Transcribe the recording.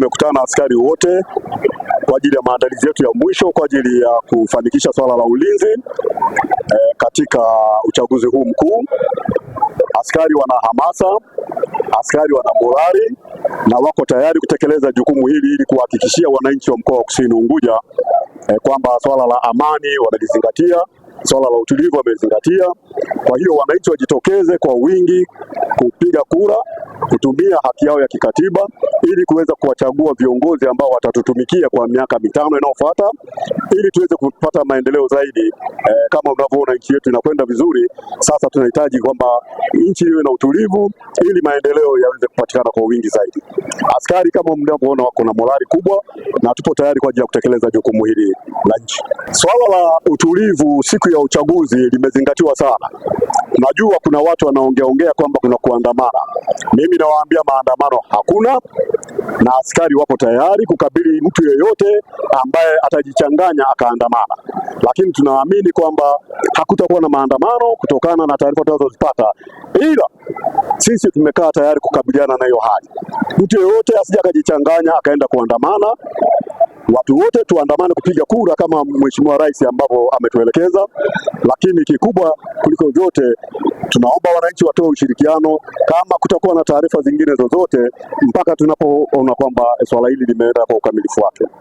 tumekutana na askari wote kwa ajili ya maandalizi yetu ya mwisho kwa ajili ya kufanikisha swala la ulinzi e, katika uchaguzi huu mkuu. Askari wana hamasa, askari wana morali na wako tayari kutekeleza jukumu hili ili kuhakikishia wananchi wa mkoa wa Kusini Unguja e, kwamba swala la amani wanalizingatia, swala la utulivu wamezingatia. Kwa hiyo wananchi wajitokeze kwa wingi kupiga kura, kutumia haki yao ya kikatiba ili kuweza kuwachagua viongozi ambao watatutumikia kwa miaka mitano inayofuata ili tuweze kupata maendeleo zaidi. E, kama unavyoona nchi yetu inakwenda vizuri. Sasa tunahitaji kwamba nchi iwe na utulivu ili maendeleo yaweze kupatikana kwa wingi zaidi. Askari kama mnavyoona, wako na morali kubwa na tupo tayari kwa ajili ya kutekeleza jukumu hili la nchi. Swala la utulivu siku ya uchaguzi limezingatiwa sana. Najua kuna watu wanaongeaongea kwamba kuna kuandamana. Mimi nawaambia maandamano hakuna, na askari wapo tayari kukabili mtu yeyote ambaye atajichanganya akaandamana, lakini tunaamini kwamba hakutakuwa na maandamano kutokana na taarifa tunazozipata, ila sisi tumekaa tayari kukabiliana na hiyo hali. Mtu yeyote asije akajichanganya akaenda kuandamana watu wote tuandamane kupiga kura kama mheshimiwa rais ambavyo ametuelekeza, lakini kikubwa kuliko vyote tunaomba wananchi watoe ushirikiano. Kama kutakuwa na taarifa zingine zozote, mpaka tunapoona kwamba swala hili limeenda kwa ukamilifu wake.